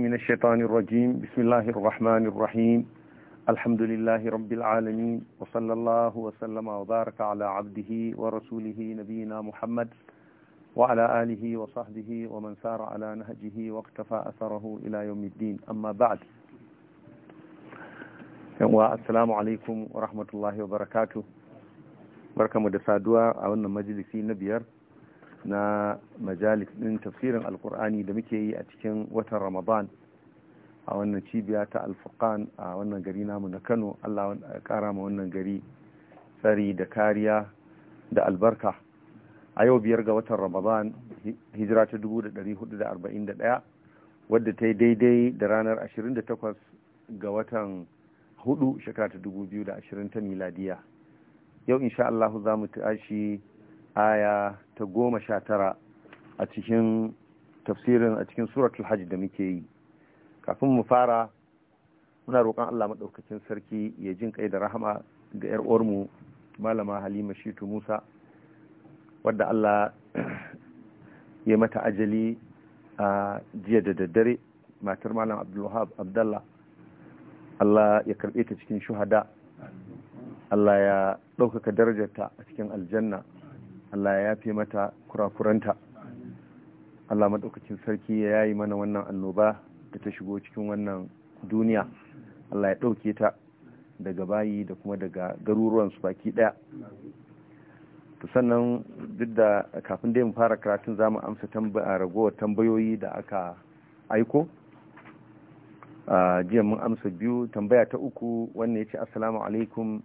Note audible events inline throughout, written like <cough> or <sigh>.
من الشيطان الرجيم بسم الله الرحمن الرحيم الحمد لله رب العالمين وصلى الله وسلم وبارك على عبده ورسوله نبينا محمد وعلى آله وصحبه ومن سار على نهجه واقتفى أثره إلى يوم الدين أما بعد السلام عليكم ورحمة الله وبركاته بركة مدسادوة أولنا مجلسي نبيار na majalis ɗin tafsirin alkur'ani da muke yi a cikin watan ramadan a wannan cibiya ta alfuqan a wannan gari namu na kano allah kara ma wannan gari tsari da kariya da albarka a yau biyar ga watan ramadan hijira ta 1441 wadda ta yi daidai da ranar 28 ga watan hudu shekara ta 2020 ta miladiya yau insha Allah za mu tashi aya ta goma sha tara a cikin tafsirin a cikin suratul hajj da muke yi kafin mu fara muna roƙon Allah maɗaukakin sarki ya jin kai da rahama ga yar mu malama Halima Shitu Musa wadda Allah ya mata ajali a jiya da daddare matar malam Abdulwahab Abdallah Allah ya karɓe ta cikin shuhada Allah ya ɗaukaka darajarta a cikin aljanna Allah ya yafe mata kurakuranta Allah maɗaukacin sarki ya yayi mana wannan annoba da ta shigo cikin wannan duniya Allah ya ɗauke ta daga bayi da kuma daga garuruwan su baki ɗaya ta sannan duk da kafin dai mu fara karatun za mu amsa ragowar tambayoyi da aka aiko jiya mun amsa biyu tambaya ta uku wannan ya ce assalamu alaikum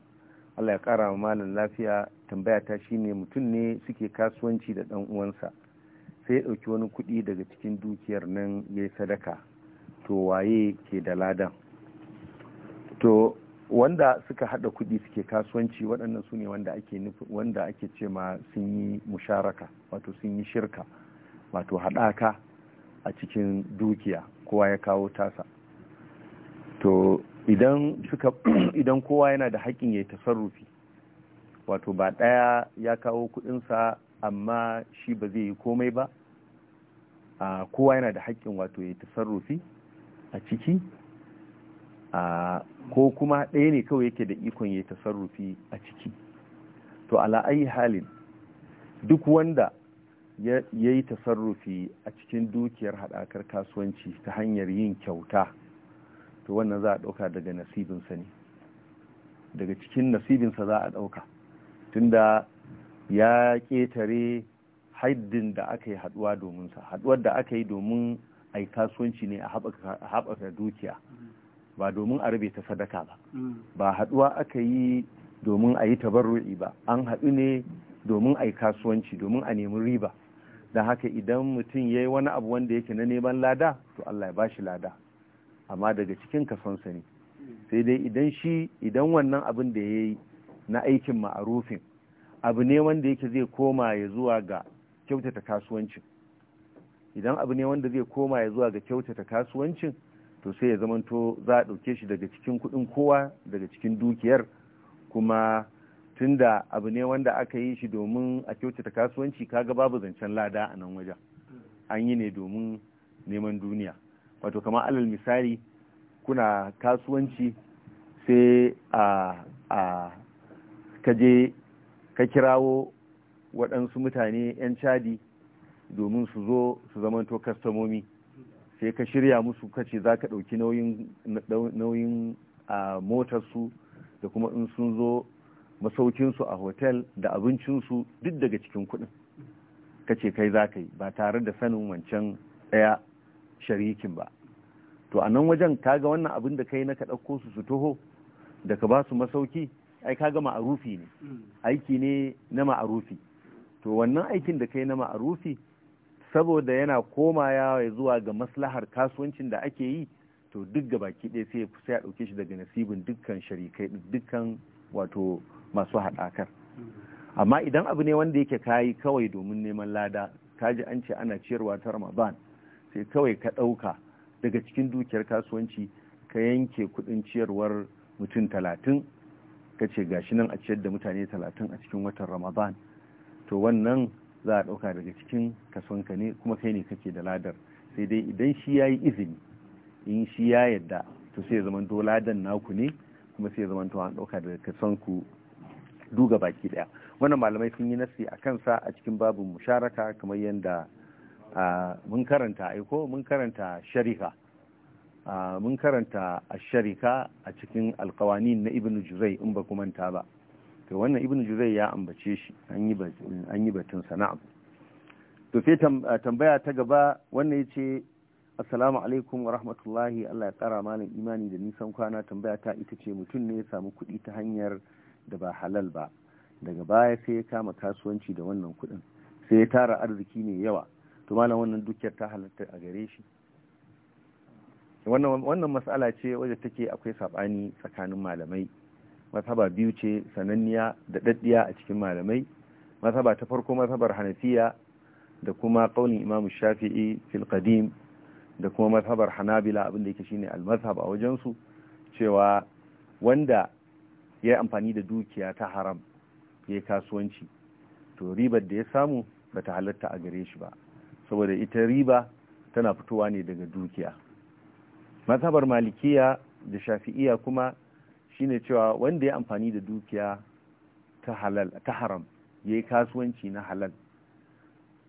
Allah ya kara wa malam lafiya tambaya ta shine mutum ne suke kasuwanci da ɗan uwansa sai ya ɗauki wani kuɗi daga cikin dukiyar nan ya yi sadaka to waye ke da ladan to wanda suka haɗa kuɗi suke kasuwanci waɗannan su ne wanda ake wanda ake ce ma sun yi musharaka wato sun yi shirka wato haɗaka a cikin dukiya kowa ya kawo tasa to idan <clears throat> kowa yana da haƙƙin ya yi tasarrufi wato ba ɗaya ya kawo kuɗinsa amma shi ba zai yi komai ba a kowa yana da haƙƙin wato ya tasarrufi a ciki a ko kuma ɗaya ne kawai yake da ikon ya tasarrufi a ciki to ala'ayi halin duk wanda ya yi tasarrufi a cikin dukiyar haɗakar kasuwanci ta hanyar yin kyauta to wannan za a ɗauka daga nasibinsa ne daga cikin nasibinsa za a ɗauka tunda ya ƙetare haddin da aka yi haduwa domin sa haduwar da aka yi domin a yi kasuwanci ne a haɓaka dukiya ba domin a rabe ta sadaka ba mm. ba haɗuwa aka yi domin a yi tabarru'i ba an haɗu ne domin a yi kasuwanci domin a nemi riba don haka idan mutum ya yi wani abu wanda yake na neman lada to Allah ya bashi lada amma daga cikin kasonsa ne mm. sai dai idan shi idan wannan abin da ya yi na aikin ma'arufin abu ne wanda yake zai koma ya zuwa ga kyautata kasuwancin idan abu ne wanda zai koma ya zuwa ga kyautata kasuwancin to sai ya zamanto za a ɗauke shi daga cikin kuɗin kowa daga cikin dukiyar kuma tunda abu ne wanda aka yi shi domin a kyautata kasuwanci kaga babu zancen lada a nan wajen an yi ne domin neman duniya wato kama alal misali kuna kasuwanci sai a ka je ka kirawo waɗansu mutane 'yan cadi domin su zo su zamanto kastamomi sai ka shirya musu kace za ka ɗauki nauyin motarsu da kuma in sun zo masaukinsu a hotel da abincinsu duk daga cikin kuɗin kace kai za ka yi ba tare da sanin wancan ɗaya sharikin ba to a nan wajen kaga wannan abin da kai na ka ɗauko su su toho da ka ba su masauki ai ka kaga ma'arufi ne hmm. aiki ne na ma'arufi to wannan aikin da kai na ma'arufi saboda yana koma ya zuwa ga maslahar kasuwancin da ake yi to duk ga baki ɗaya sai sai a ɗauke shi daga nasibin dukkan sharikai dukkan wato masu haɗakar hmm. amma idan abu ne wanda yake kayi kawai domin neman lada kaji an ce ana ciyarwa ta ramadan sai kawai ka ɗauka daga cikin dukiyar kasuwanci ka yanke kuɗin ciyarwar mutum talatin ka ce gashi nan a ciyar da mutane talatin a cikin watan ramadan to wannan za a ɗauka daga cikin kasonka ne kuma kai ne kake da ladar sai dai idan shi ya yi izini in shi ya yadda to sai zaman to ladan naku ne kuma sai zaman to an ɗauka daga kasonku duga baki ɗaya wannan malamai sun yi nasi a kansa a cikin babu musharaka kamar yadda mun karanta aiko mun karanta shari'a mun karanta a sharika a cikin alkawani na ibn jurai in ba manta ba to wannan ibn jurai ya ambace shi an yi batun sana'a to sai tambaya ta gaba wannan ya ce assalamu alaikum wa rahmatullahi allah ya kara malam imani da nisan kwana tambaya ta ita ce mutum ne ya samu kuɗi ta hanyar da ba halal ba daga baya sai ya kama kasuwanci da wannan kuɗin sai ya tara arziki ne yawa to malam wannan dukiyar ta halatta a gare shi wannan matsala ce wadda take akwai saɓani tsakanin malamai mazhaba biyu ce sananniya da daddiya a cikin malamai mazhaba ta farko mazhabar hanafiya da kuma ƙaunin imamu shafi'i fil da kuma mazhabar hanabila abinda yake shine al-mazhab a wajensu cewa wanda ya yi amfani da dukiya ta haram ya yi kasuwanci to ribar da ya samu bata halatta a gare shi ba saboda ita riba tana fitowa ne daga dukiya mazhabar malikiya da shafi'iya kuma shine cewa wanda ya amfani da dukiya ta halal ta haram ya yi kasuwanci na halal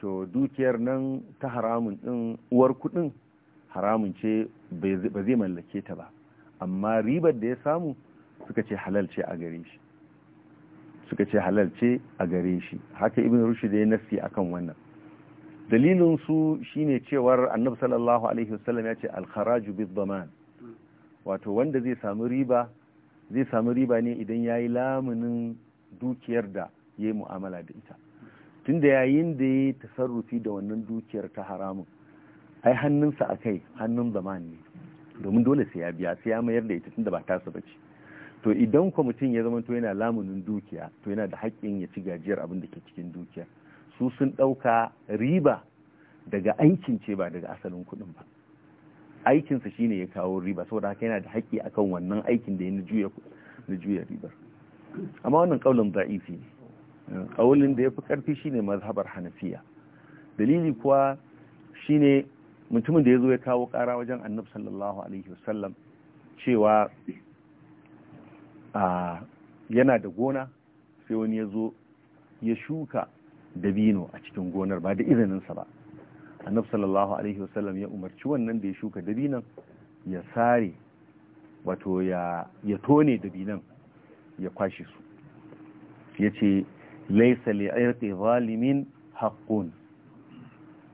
to dukiyar nan ta haramun din uwar kudin haramun ce ba zai mallake ta ba amma ribar da ya samu suka ce halal ce a gare shi suka ce halal ce a gare shi haka ibn rushd ya nasi akan wannan dalilin su shine cewar annabi sallallahu alaihi wasallam ya ce al-kharaju bid-daman wato wanda zai samu riba zai samu riba ne idan yayi lamunin dukiyar da yayi mu'amala da ita tunda yayin da yayi tasarrufi da wannan dukiyar ta haramun ai hannunsa akai hannun zaman ne domin dole sai ya biya sai ya mayar da ita tunda ba tasa ci to idan ko mutum ya zama to yana lamunin dukiya to yana da haƙƙin ya ci gajiyar abin da ke cikin dukiyar su sun ɗauka riba daga aikin ce ba daga asalin kuɗin ba aikinsa shine ya kawo riba saboda haka yana da haƙƙi akan wannan aikin da ya na juya ribar amma wannan kaulin da'ifi ne kaulin da ya fi ƙarfi shine mazhabar hanafiya dalili kuwa shine mutumin da ya zo ya kawo ƙara wajen annabi sallallahu alaihi wasallam cewa yana da gona sai wani ya zo ya shuka dabino a cikin gonar ba da izininsa ba annabi sallallahu alaihi wasallam ya umarci wannan da ya shuka dabinan ya sare wato ya tone dabinan ya kwashe su ya ce laisa li'irqi zalimin haqqun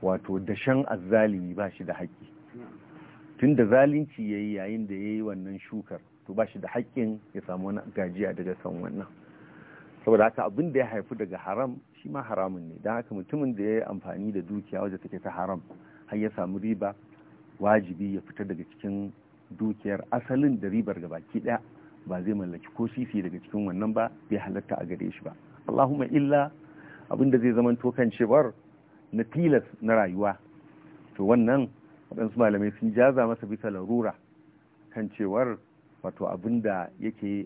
wato dashen azzalimi ba shi da haƙƙi tun da zalunci ya yi yayin da ya yi wannan shukar to ba shi da haƙƙin ya samu wani gajiya daga san wannan saboda haka abin da ya haifu daga haram shi ma haramun ne don haka mutumin da ya yi amfani da dukiya wajen take ta haram har ya samu riba wajibi ya fita daga cikin dukiyar asalin da ribar ga baki daya ba zai mallaki ko sisi daga cikin wannan ba bai halatta a gare shi ba allahumma illa abin zai zama kan cewar na tilas na rayuwa to wannan waɗansu malamai sun jaza masa bisa larura kan cewar wato abin da yake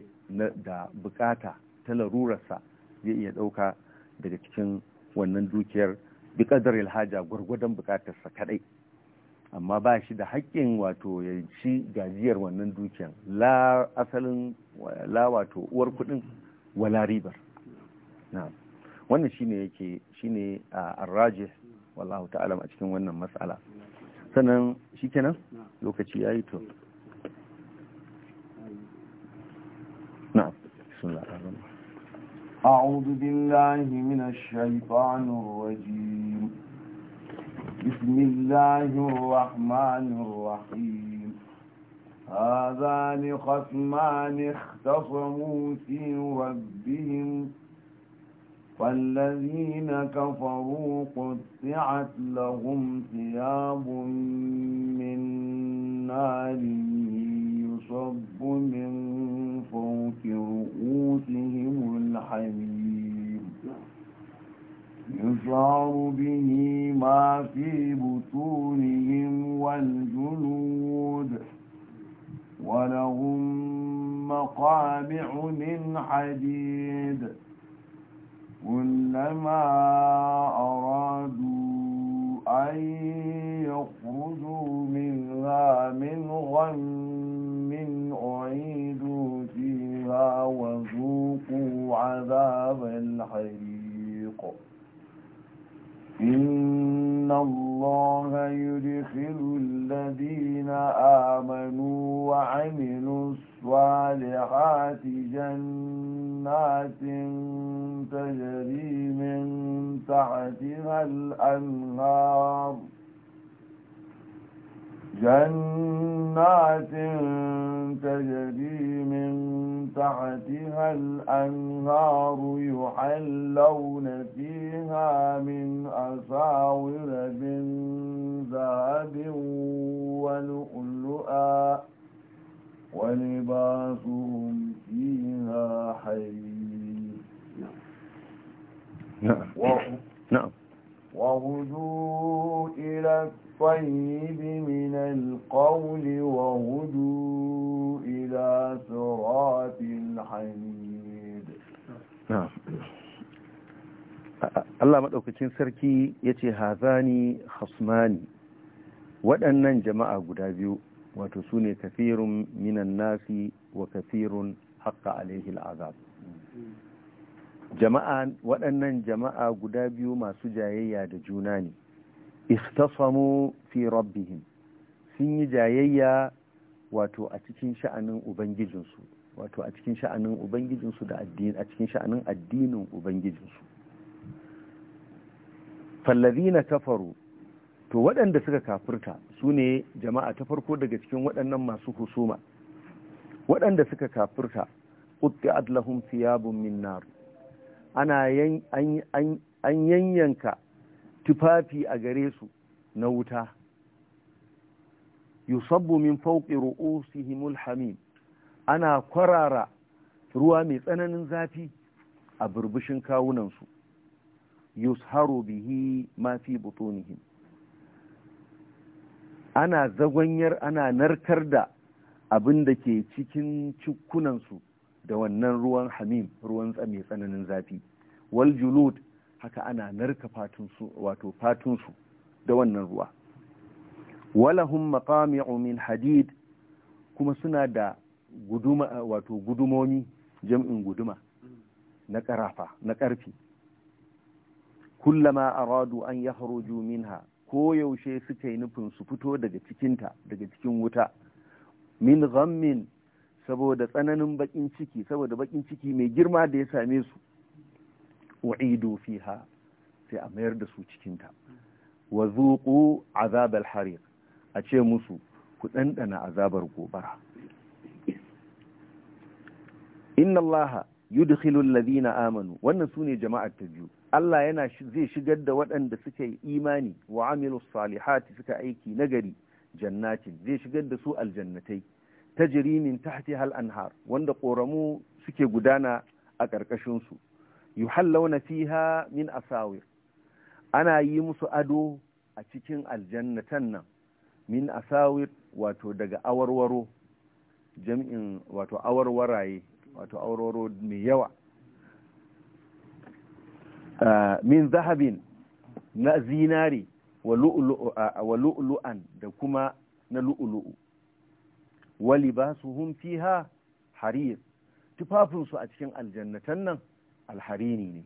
da bukata ta larurarsa zai iya ɗauka daga cikin wannan dukiyar bi ƙadarar ilhaja gwargwadon buƙatarsa kaɗai amma ba shi da haƙƙin wato ya ci gajiyar wannan dukiyar la asalin la wato uwar kuɗin wala ribar wannan shine yake shine arraje wallahu ta'ala a cikin wannan matsala sannan shikenan lokaci yayi to na'am bismillahir rahmanir rahim أعوذ بالله من الشيطان الرجيم بسم الله الرحمن الرحيم هذان خصمان اختصموا في ربهم فالذين كفروا قطعت لهم ثياب من نار يصب من فوق رؤوسهم الحميم يشعر به ما في بطونهم والجلود ولهم مقامع من حديد كلما أرادوا أن يخرجوا منها من غم أعيدوا عليها وذوقوا عذاب الحريق إن الله يدخل الذين آمنوا وعملوا الصالحات جنات تجري من تحتها الأنهار جنات تجري من تحتها الأنهار يحلون فيها من أساور من ذهب ولؤلؤا ولباسهم فيها حرير نعم نعم وهدوا إلى الطيب من القول وهدوا إلى صراط الحميد نعم Allah maɗaukacin sarki ya ce hazani hasmani waɗannan jama'a guda biyu wato su ne kafirun minan nasi wa kafirun haƙƙa alaihil azab jama'a waɗannan jama'a guda biyu masu jayayya da juna ne istasamu fi rabbihim sun yi jayayya wato a cikin sha'anin ubangijinsu wato a cikin sha'anin ubangijinsu da addini a cikin sha'anin addinin ubangijinsu fallazina kafaru to waɗanda suka kafirta su ne jama'a ta farko daga cikin waɗannan masu husuma waɗanda suka kafirta qutti'at lahum thiyabun min nar ana an yanyanka tufafi a gare su na wuta yusabbu min fauqi ru'usihimul hamim ana kwarara ruwa mai tsananin zafi a burbushin kawunansu yusharu bihi ma fi butunihim ana zagwanyar ana narkar da abin da ke cikin cikunansu da wannan ruwan hamim ruwan tsami tsananin zafi wal julud haka ana narka fatunsu wato fatunsu da wannan ruwa walahum maqami'u min hadid kuma suna da guduma wato gudumomi jam'in guduma na karafa na karfi kullama aradu an yakhruju minha ko yaushe suka nufin su fito daga cikinta daga cikin wuta min ghammin saboda tsananin bakin ciki saboda bakin ciki mai girma da ya same su wa'idu fiha sai a mayar da su cikinta wa zuqu azab al-hariq a ce musu ku dandana azabar gobara inna allaha yudkhilu alladhina amanu wannan sune jama'ar ta biyu Allah yana zai shigar da waɗanda suka yi imani wa amilu salihati suka aiki nagari jannatin zai shigar da su aljannatai ta ta min tahti hal anhar wanda ƙoramu suke gudana a ƙarƙashin su yuhallawna fiha min asawir ana yi musu ado a cikin aljannatan nan min asawir wato daga awarwaro jam'in wato awarwaraye wato awarwaro mai yawa ah, min zahabin na zinari wa lu'u-lu'an ah, da kuma na lu'lu'u wa libasuhum fiha harir tufafinsu a cikin aljannatan nan alharini ne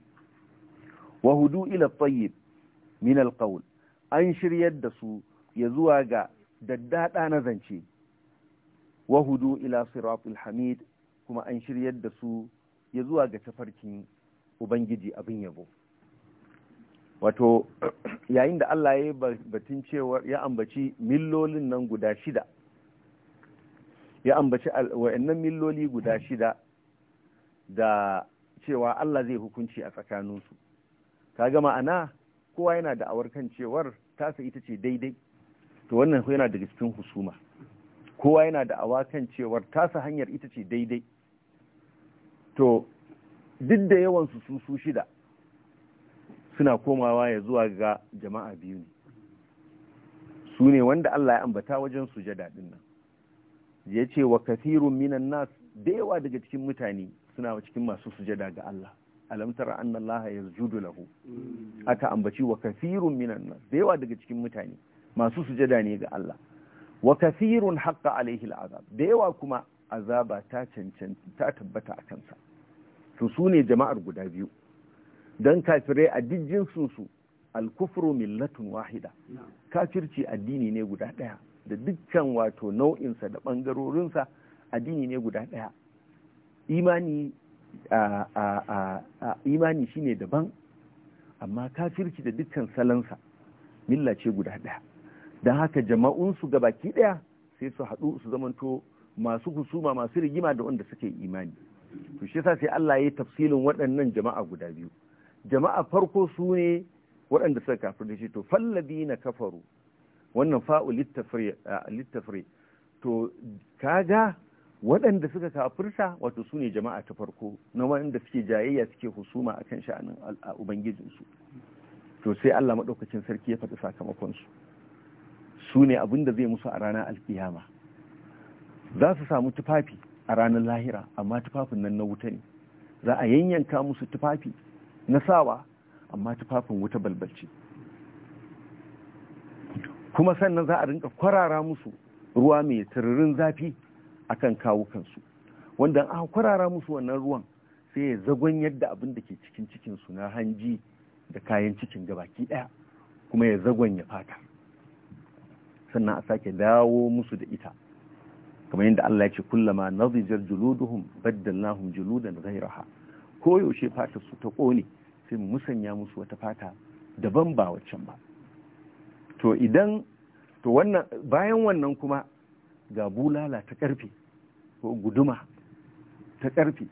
wa hudu ila tayyib min alqawl an shiryar da su ya zuwa ga daddada na zance wa hudu ila siratul hamid kuma an shiryar da su ya zuwa ga tafarkin ubangiji abin yabo wato <clears throat> yayin da Allah ya batun cewa ya ambaci millolin nan guda shida ya ambaci wa'annan milloli guda shida da cewa Allah zai hukunci a tsakaninsu Ka kaga ma'ana kowa yana da awar kan cewar tasa ita ce daidai to wannan yana da cikin husuma kowa yana da awa kan cewar tasa hanyar ita ce daidai to duk da yawan su su shida suna komawa ya zuwa ga jama'a biyu ne su ne wanda Allah ya ambata wajen sujada din nan ya ce wa kathirun minan nas da yawa daga cikin mutane suna cikin masu sujada ga Allah alamtar an Allah ya lahu aka ambaci wa kathirun minan nas da yawa daga cikin mutane masu sujada ne ga Allah wa kathirun haqqa alaihi al'azab da yawa kuma azaba ta ta tabbata a kansa su su ne jama'ar guda biyu Dan kafirai a duk jinsinsu alkufru millatun wahida kafirci addini ne guda ɗaya da dukkan wato nau'insa da ɓangarorinsa addini ne guda ɗaya imani imani shine daban amma kafirci da dukkan salansa milla ce guda ɗaya don haka jama'unsu ga baki ɗaya sai su haɗu su zamanto masu husuma masu rigima da wanda suke imani to shi yasa sai Allah ya tafsilin waɗannan jama'a guda biyu jama'a farko su ne waɗanda suka kafir da shi to fallabi na kafaru wannan fa'u littafri to kaga waɗanda suka kafirta wato su ne jama'a ta farko na waɗanda suke jayayya suke husuma a kan sha'anin ubangijinsu to sai allah maɗaukacin sarki ya faɗi sakamakonsu su ne abin da zai musu a ranar alkiyama za su samu tufafi a ranar lahira amma tufafin nan na wuta ne za a yanyanka musu tufafi na sawa amma tufafin wuta balbalce kuma sannan za a rinka kwarara musu ruwa mai tururin zafi akan kawukansu wanda aka kwarara musu wannan ruwan sai ya zagon yadda abin da ke cikin cikinsu na hanji da kayan cikin gabaki ɗaya kuma ya zagon ya fata sannan a sake dawo musu da ita kamar yadda Allah ya ce kullama da juluduhum baddalnahum juludan ghayraha ko yaushe fatar su ta kone sai mu musanya musu wata fata daban ba waccan ba to idan to wannan bayan wannan kuma ga bulala ta karfe ko guduma ta karfe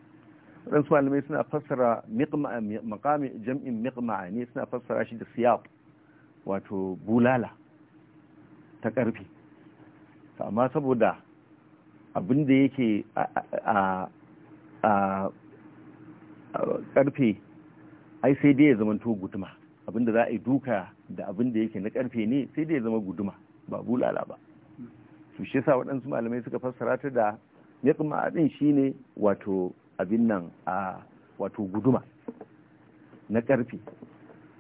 waɗansu malamai suna fassara makamin jam'in miƙma'a ne suna fassara shi da siyaf wato bulala ta ƙarfi amma saboda abin da yake a ƙarfe ai sai dai ya zamanto guduma Abin da za a yi duka da abin abinda yake na karfe ne sai dai ya zama guduma ba bulala ba su shi sa waɗansu malamai suka fassara ta da kuma abin ne wato abin nan a wato guduma na karfe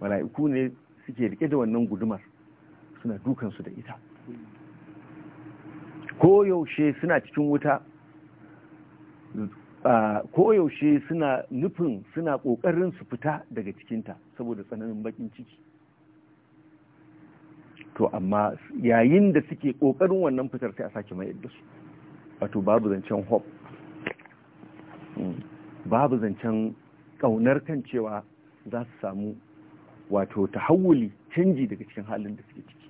mala'iku ne suke rike da wannan gudumar suna dukansu da ita ko yaushe suna cikin wuta koyaushe suna nufin suna ƙoƙarin su fita daga cikinta saboda tsananin baƙin ciki to amma yayin da suke ƙoƙarin wannan fitar sai a sake mayar da su wato babu zancen hop hmm. babu zancen ƙaunar kan cewa za su samu wato tahawuli canji daga cikin halin da suke ciki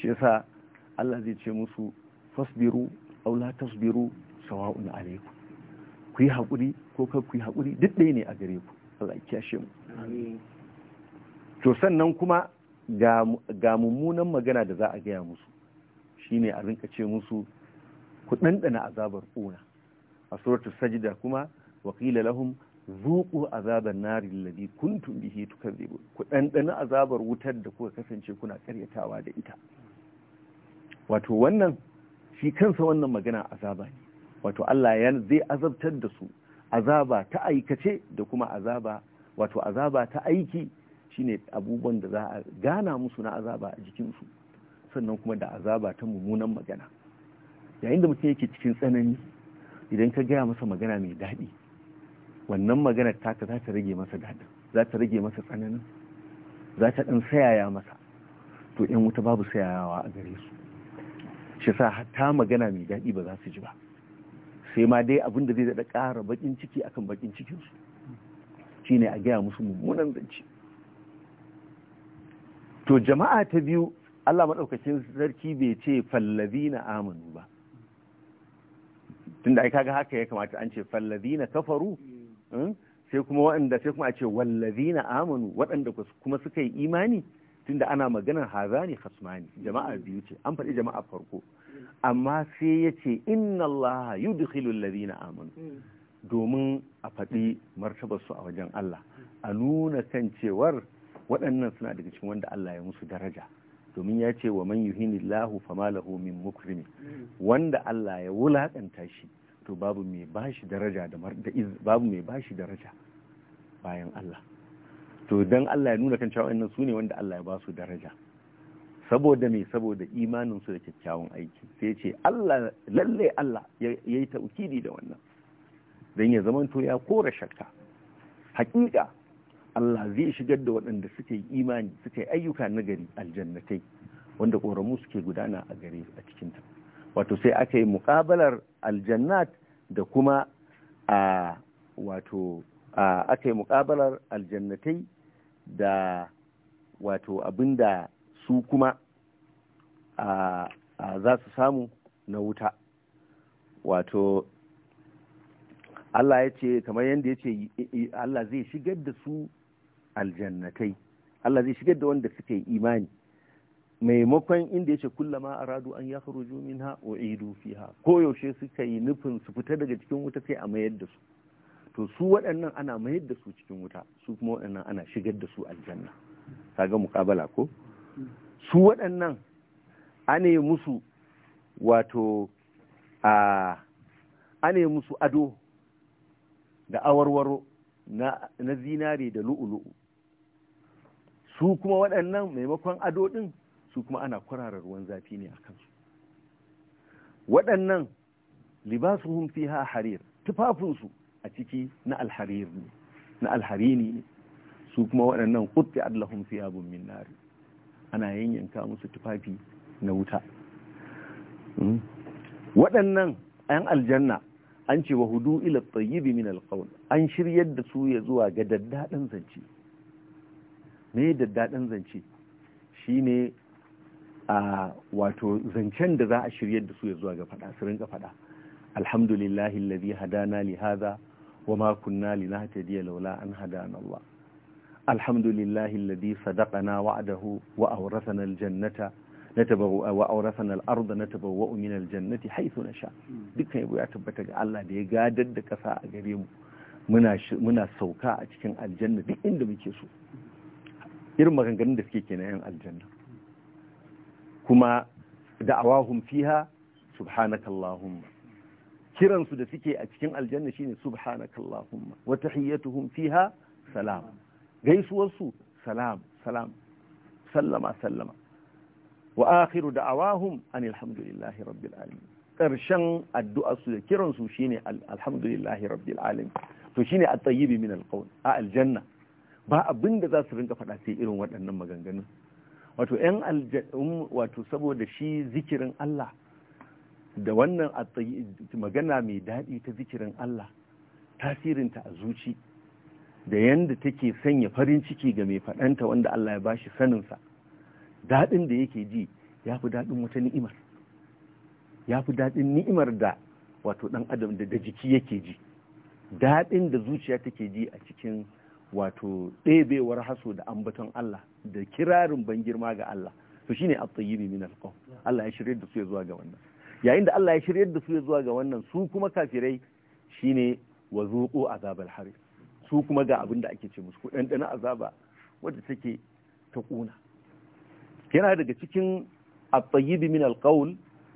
shi yasa Allah zai ce musu fasbiru aw la tasbiru sawa'un alaikum ku yi haƙuri ko kar ku yi haƙuri duk ɗaya ne a gare ku Allah ya kyashe mu to sannan kuma ga mummunan magana da za a gaya musu shine a rinka ce musu ku ɗanɗana azabar ƙuna a suratul sajda kuma wakila lahum zuku azabar nari lalabi kuntum bihi tukazzibu ku ɗanɗana azabar wutar da kuka kasance kuna karyatawa da ita wato wannan shi kansa wannan magana azaba ne wato Allah ya zai azabtar da su azaba ta aikace da kuma azaba wato azaba ta aiki shine abubuwan da za a gana musu na azaba a jikinsu sannan kuma da azaba ta mummunan magana yayin da mutum yake cikin tsanani idan ka gaya masa magana mai daɗi wannan maganar taka za ta rage masa daɗin za ta rage masa tsananin za ta ɗan sayaya masa to ‘yan wuta babu sayayawa a gare su shi sa hatta magana mai daɗi ba za su ji ba sai ma dai abin da zai daɗa ƙara bakin ciki akan bakin cikinsu ne a gaya musu mummunan zance to jama'a ta biyu Allah maɗaukacin sarki bai ce fallabi na amanu ba tunda ai kaga haka ya kamata an ce fallabi na kafaru hmm? sai kuma waɗanda sai kuma a ce wallabi na amanu waɗanda kuma suka yi imani tunda ana maganar hazani hasmani jama'a biyu ce an faɗi jama'a farko amma sai ya ce inna yi dukhilul ladina amanu hmm. domin a faɗi martabarsu a wajen Allah a nuna kan cewar waɗannan suna daga cikin wanda Allah ya musu daraja domin ya ce wa man yuhini lahu fama lahu min mukrimi hmm. wanda Allah ya wulakanta shi to babu mai bashi daraja da babu mai bashi daraja bayan Allah to dan Allah ya nuna kan cewa waɗannan su ne wanda Allah ya ba su daraja saboda me saboda imanin su da kyakkyawan aiki sai ce Allah lalle Allah ya yi taukidi da wannan don ya zamanto ya kora shakka hakika Allah zai shigar da waɗanda suke imani suke ayyuka na gari aljannatai wanda ƙoramu suke gudana a gare a cikinta wato sai aka yi muƙabalar aljannat da kuma a wato aka yi muƙabalar aljannatai da wato abinda su kuma za su samu na wuta wato Allah ya ce kamar yadda ya ce Allah zai shigar da su aljannatai Allah zai shigar da wanda suka yi imani maimakon inda ya ce kullama aradu an ya jumin ha wa idu ha, koyaushe suka yi nufin su fita daga cikin wuta sai a mayar da su to su waɗannan ana mayar da su cikin wuta su kuma waɗannan ana shigar da su aljanna ga mukabala ko su waɗannan ane musu wato a ane musu ado da awarwaro na, na zinare da lu'ulu'u su kuma waɗannan maimakon ado ɗin su kuma ana kwarara ruwan zafi ne a kansu waɗannan libasuhum fiha harir tufafinsu a ciki na alharir ne na alharini ne su kuma waɗannan kutti adlahum fiya min nari ana yanyanka musu tufafi na wuta hmm? waɗannan ‘yan aljanna an ce wa hudu ila tsayibi min alƙawun, an shiryar da su ya zuwa ga daddaɗin zance me daddaɗin zance shi ne a wato zancen da za a shiryar da su ya zuwa ga faɗa su rinka faɗa alhamdulillahi alladhi hadana li hadha wa ma kunna linahtadiya laula an hadana Allah الحمد لله الذي صدقنا وعده وأورثنا الجنة نتبوأ وأورثنا الأرض نتبوأ من الجنة حيث نشاء دكا يبو يعتبتك الله دي قادر دكسا أقريم muna sauka a cikin aljanna duk inda muke so irin maganganun da suke kenan yan aljanna kuma da'awahum fiha subhanakallahumma kiransu da suke a cikin aljanna shine subhanakallahumma wa tahiyyatuhum fiha salam gaisuwarsu salam salam sallama sallama wa akhiru da'awahum an alhamdulillahi rabbil alamin karshen addu'arsu da kiransu shine alhamdulillahi rabbil alamin to shine at tayyibi min al-qawl a aljanna ba abin da za su rinka faɗa sai irin waɗannan maganganu wato yan wato saboda shi zikirin Allah da wannan magana mai daɗi ta zikirin Allah tasirinta a zuci da yanda take sanya farin ciki ga mai faɗanta wanda Allah ya bashi saninsa daɗin da yake ji ya fi daɗin wata ni'imar ya fi daɗin ni'imar da wato ɗan adam da da jiki yake ji daɗin da zuciya take ji a cikin wato ɗebewar haso da ambaton Allah da kirarin ban girma ga Allah to shine at-tayyibi min al Allah ya shirye da su zuwa ga wannan yayin da Allah ya shirye da su zuwa ga wannan su kuma kafirai shine wa zuqu azabal harib su kuma ga abin da ake ce musu ko ɗana azaba wadda take ta ƙuna yana daga cikin at-tayyib min al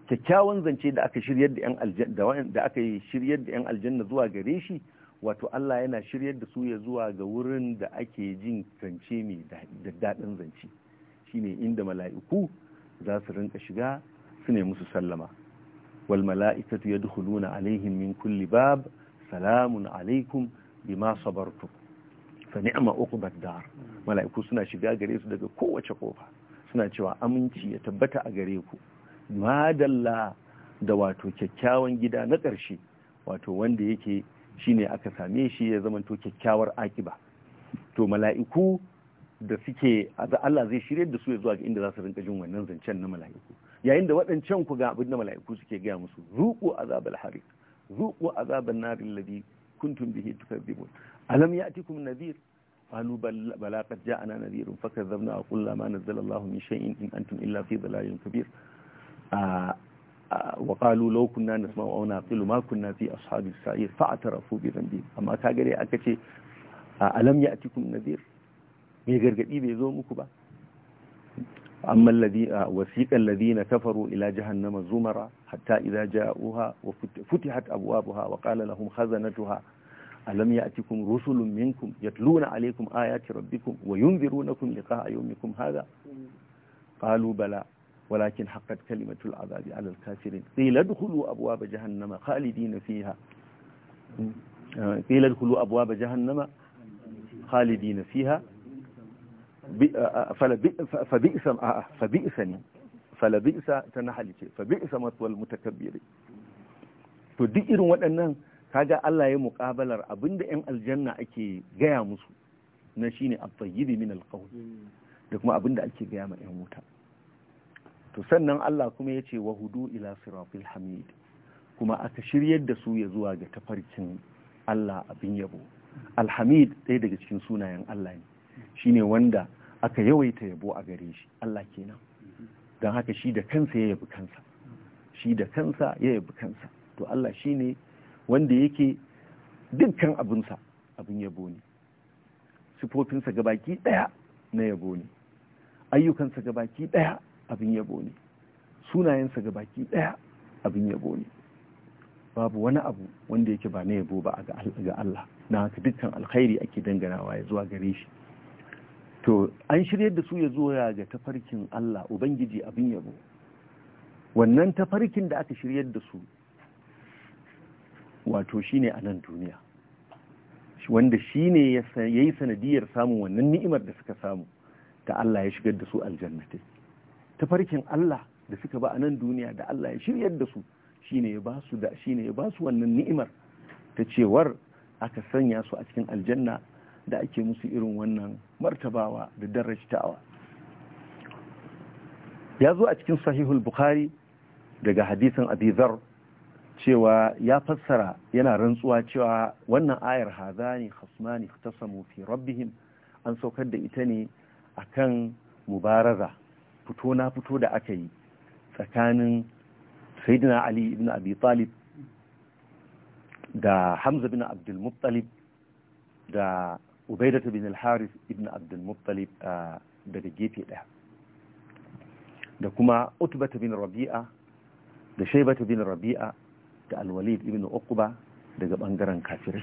kyakkyawan zance da aka shiryar da 'yan aljanna da aka shiryar da 'yan aljanna zuwa gare shi wato Allah yana shiryar da su ya zuwa ga wurin da ake jin zance mai da daɗin zance shine inda mala'iku za su rinka shiga su ne musu sallama wal mala'ikatu yadkhuluna alaihim min kulli bab salamun alaikum bima sabartu fa ni'ma uqbat dar mala'iku suna shiga gare su daga kowace kofa suna cewa aminci ya tabbata a gare ku madalla da wato kyakkyawan gida na ƙarshe wato wanda yake shine aka same shi ya zamanto kyakkyawar akiba to mala'iku da suke Allah zai shirye da su zuwa ga inda za su rinka jin wannan zancen na mala'iku yayin da waɗancan ku ga abin da mala'iku suke gaya musu zuku azabul harik zuku azabal nar alladhi kuntum bihi tukadzibun alam ya'tikum nadhir qalu bala qad ja'ana nadhirun fakadzabna wa qulna ma nazzala Allahu min shay'in in antum illa fi dhalalin kabir ah, ah, wa qalu law kunna nasma'u aw naqilu ma kunna fi ashabis sa'ir fa'tarafu bi dhanbihim amma ka dai aka ce alam ya'tikum nadhir me gargadi bai zo muku ba أما الذي آه، وسيق الذين كفروا إلى جهنم زمرا حتى إذا جاءوها وفتحت أبوابها وقال لهم خزنتها ألم يأتكم رسل منكم يتلون عليكم آيات ربكم وينذرونكم لقاء يومكم هذا قالوا بلى ولكن حقت كلمة العذاب على الكافرين قيل ادخلوا أبواب جهنم خالدين فيها آه، قيل ادخلوا أبواب جهنم خالدين فيها فبئس a'a fabi'isa ne falabi'isa ta nahali المتكبر fabi'isa to duk irin waɗannan kaga Allah ya muƙabalar abinda yan aljanna ake gaya musu na shine ne min al da kuma abinda ake gaya ma yan wuta to sannan Allah kuma ya ce wa hudu ila sirafil hamid kuma aka shiryar da su ya zuwa ga tafarkin Allah abin yabo alhamid ɗaya daga cikin sunayen Allah ne shine wanda aka yawaita yabo a gare shi Allah kenan don haka shi da kansa ya yabi kansa shi da kansa ya yabi kansa to Allah shi ne wanda yake dukkan abinsa abin yabo ne sifofinsa gabaki ɗaya na yabo ne ayyukansa gabaki ɗaya abin yabo ne sunayensa gabaki ɗaya abin yabo ne babu wani abu wanda yake ba na yabo ba ga Allah na haka dukkan alkhairi ake danganawa ya zuwa gare shi to an shirya da su ya zo ya ga tafarkin Allah ubangiji abin yabo wannan tafarkin da aka shirya da su wato shine a nan duniya wanda shine ya yi sanadiyar samun wannan ni'imar da suka samu ta Allah ya shigar da su aljannatai tafarkin Allah da suka ba a nan duniya da Allah ya shiryar da su shine ya ba su da shine ya ba su wannan ni'imar ta cewar aka sanya su a cikin aljanna da ake musu irin wannan martabawa da darajtawa ya zo a cikin sahihul bukhari daga hadisin abizar cewa ya fassara yana rantsuwa cewa wannan ayar hazani khasmani ikhtasamu fi rabbihim an saukar da ita ne akan mubaraza fito na fito da aka yi tsakanin sayyidina ali ibn abi talib da hamza bin abdul muttalib da ubaidat bin al-haris ibn Abdul abdulmuttalib ah, daga gefe daya. da kuma utbata bin rabi'a da shaibata bin rabi'a da Al-Waleed alwalid ibn uqba daga bangaren kafirai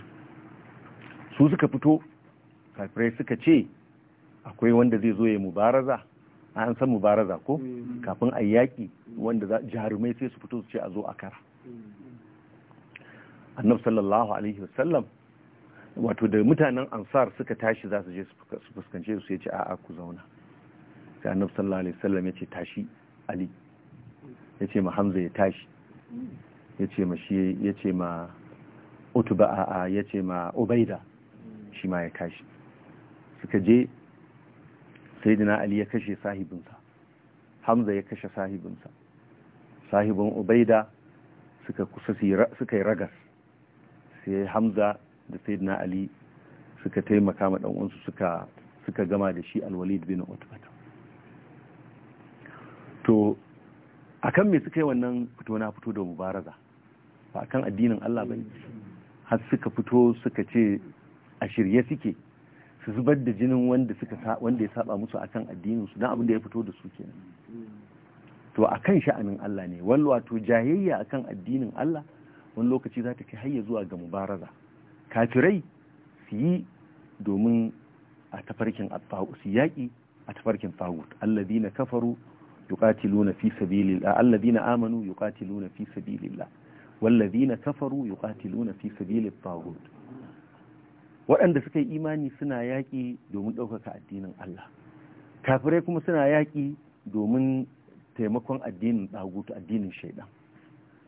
su suka fito kafirai suka ce akwai wanda zai zo ya mubaraza an san mubaraza ko mm. kafin a yaƙi wanda jarumai sai su fito su ce a zo a kara mm. annab sallallahu alaihi wasallam wato da mutanen ansar suka tashi za su je su fuskance su ya ce a'a ku zauna sai annabi sallallahu alaihi wasallam ya ce tashi ali ya ce ma hamza ya tashi ya ce ma shi ya ce ma utuba a'a ya ce ma ubaida shi ma ya tashi suka je sayyidina ali ya kashe sahibinsa hamza ya kashe sahibinsa sahibin ubaida suka kusa suka yi ragas sai hamza da sayyidina ali suka taimaka ma ɗan'uwansu suka gama da shi alwalid bin utbata to akan me suka yi wannan fito na fito da mubaraza ba akan addinin Allah bai har suka fito suka ce a shirye suke su zubar da jinin wanda ya saba musu akan addinin su dan abin da ya fito da su kenan to akan sha'anin Allah ne wani wato jayayya akan addinin Allah wani lokaci za ta kai hayya zuwa ga mubaraza kafirai su yi domin a tafarkin su yaƙi a tafarkin allazi na kafaru yuqatiluna fi sabilillah na amanu yuqatiluna fi sabilillah na kafaru yuqatiluna fi sabilit tsagut waɗanda suka yi imani suna yaƙi domin ɗaukaka addinin Allah kafirai kuma suna yaƙi domin taimakon addinin ɗagutu addinin shaidan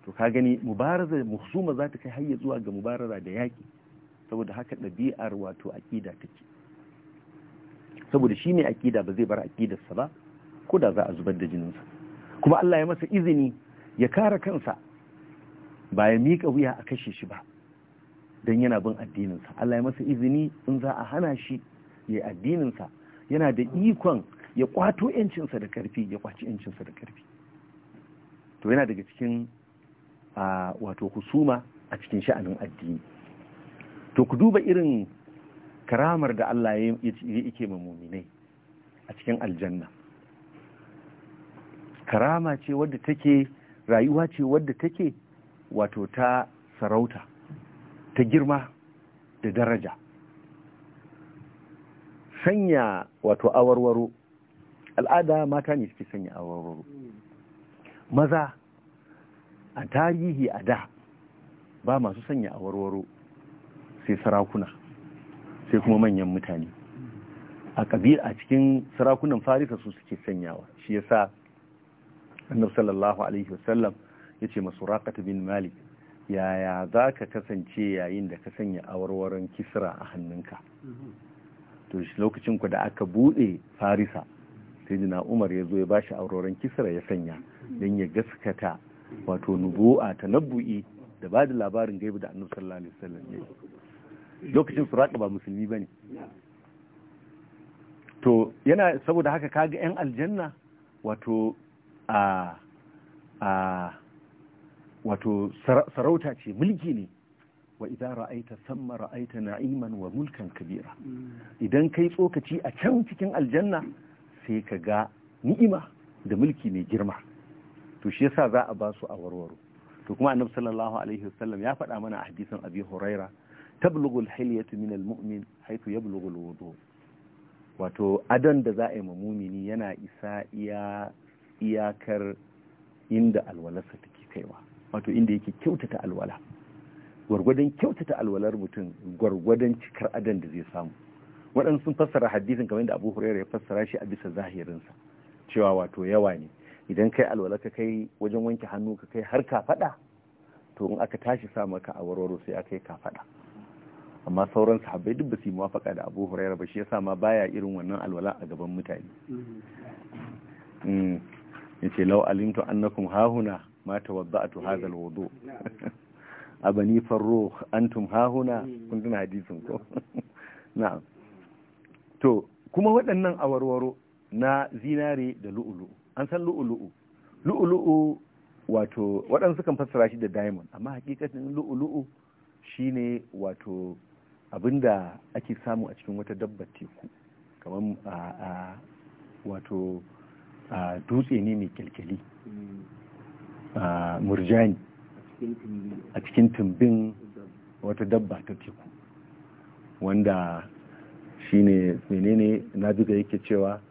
to ka gani mubaraza muhsuma za ta kai har zuwa ga mubarara da yaƙi saboda haka ɗabi'ar wato aƙida take saboda shi ne aƙida ba zai bar aƙidarsa ba ko da za a zubar da jininsa kuma Allah ya masa izini ya kare kansa ba ya miƙa wuya a kashe shi ba don yana bin addininsa Allah ya masa izini in za a hana shi ya addininsa yana da ikon ya kwato yancinsa da karfi ya kwaci yancinsa da karfi to yana daga cikin wato husuma a cikin sha'anin addini to ku duba irin karamar da Allah ya yake ma muminai a cikin aljanna karama ce wadda take rayuwa ce wadda take wato ta sarauta ta girma da daraja sanya wato awarwaro al'ada mata ne suke sanya awarwaro maza a tarihi a da ba masu sanya awarwaro sai sarakuna sai kuma manyan mutane a kabir a cikin sarakunan farisa su suke sanyawa shi yasa annabi sallallahu alaihi wasallam masu masuraqat bin malik yaya za ka kasance yayin da ka sanya awarwaron kisra a hannunka to shi lokacin ku da aka bude farisa sai jina umar ya zo ya bashi awarwaron kisra ya sanya don ya gaskata wato nubu'a ta nabu'i da ba da labarin gaibu da annabi sallallahu alaihi wasallam lokacin suraka ba musulmi ba ne to yana saboda haka kaga 'yan aljanna wato a a wato sarauta ce mulki ne wa idan ra'aita samma ra'aita na'iman wa mulkan kabira idan kai tsokaci a can cikin aljanna sai ka ga ni'ima da mulki mai girma to shi yasa za a ba su a warwaro to kuma annabi sallallahu alaihi wasallam ya faɗa mana a hadisin abi huraira tablugul hilyatu min almu'min haitu yablugul wato adon da za a yi ma mumini yana isa iya iyakar inda alwalarsa take kaiwa wato inda yake kyautata alwala gwargwadon kyautata alwalar mutum gwargwadon cikar adon da zai samu waɗansu sun fassara hadisin kamar da abu hurairu ya fassara shi a bisa zahirinsa cewa wato yawa ne idan kai alwala ka kai wajen wanke hannu ka kai har ka faɗa to in aka tashi sa maka a warwaro sai aka yi ka faɗa amma sauran sahabbai duk basu yi muwafaka da abu huraira ba shi yasa ma baya irin wannan alwala a gaban mutane mm. ya ce lau alimtu annakum hahuna ma tawadda'tu hadha alwudu <laughs> abani farruh antum hahuna kun tuna hadisin ko <laughs> na'am to kuma waɗannan awarwaro na zinare da lu'ulu'u an san lu'ulu'u lu'ulu'u wato waɗansu kan fassara shi da diamond amma hakikatin lu'ulu'u shine wato abinda ake samu a cikin wata dabbar teku kamar a wato dutse ne mai kyalkyali murjani a cikin tumbin wata dabba ta teku wanda shine menene na duka yake cewa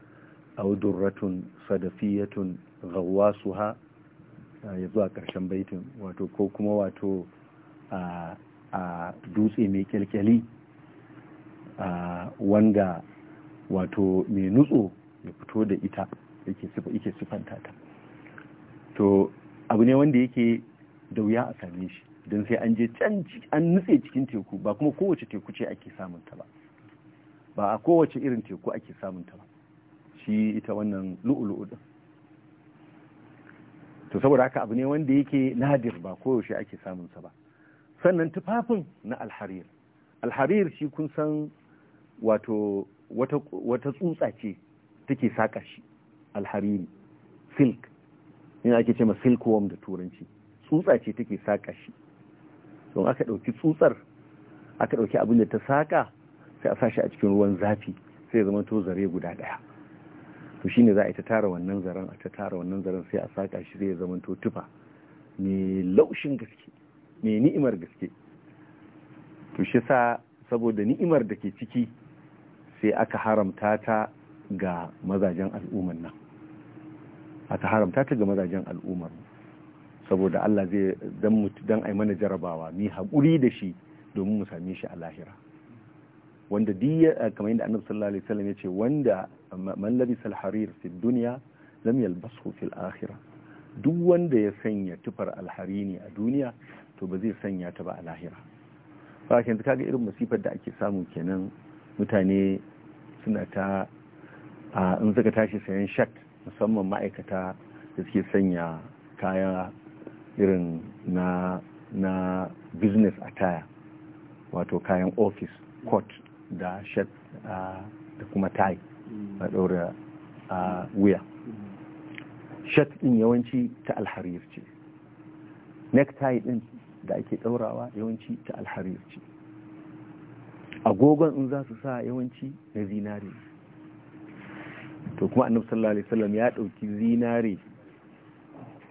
audurratun sadafiyatun ha ya zuwa ƙarshen baitin wato ko kuma wato a a dutse mai kyalkyali a wanda wato mai nutso ya fito da ita yake sifanta ta to abu ne wanda yake da wuya a same shi don sai an je an nutse cikin teku ba kuma kowace teku ce ake samun ta ba ba a kowace irin teku ake samun ta ba shi ita wannan lu'ulu'u din to saboda haka abu ne wanda yake nadir ba koyaushe ake samun sa ba sannan tufafin na alharir alharir shi kun san wato wata tsutsa ce take saka shi alharir silk Ina ake ce ma silkworm da turanci tsutsa ce take saka shi don aka ɗauki tsutsar aka ɗauki abin da ta saka sai a sashi a cikin ruwan zafi sai zama to zare guda ɗaya to shine za a yi ta tara wannan zaren a ta tara wannan zaren sai a saka shi zai zama to tufa mai laushin gaske mai ni'imar gaske to shi sa saboda ni'imar da ke ciki sai aka haramta ta ga mazajen al'ummar nan aka haramta ta ga mazajen al'ummar saboda Allah zai dan mutu dan ai mana jarabawa mi haƙuri da shi domin mu same shi a lahira wanda diya kamar yadda annabi sallallahu alaihi wasallam yace wanda man labisa al-harir fi dunya lam fi fil akhirah duk wanda ya sanya tufar alharini a duniya to ba zai sanya ta ba a lahira ba yanzu kaga irin masifar da ake samu kenan mutane suna ta a in suka tashi sayan shat musamman ma'aikata da suke sanya kaya irin na na business attire wato kayan office coat da shat da kuma tie mm. a ɗora a wuya shat din yawanci ta alharir ce necktie din. da ake ɗaurawa yawanci ta alharir ce agogon in za su sa yawanci na zinare to kuma annabi sallallahu alaihi wasallam ya ɗauki zinare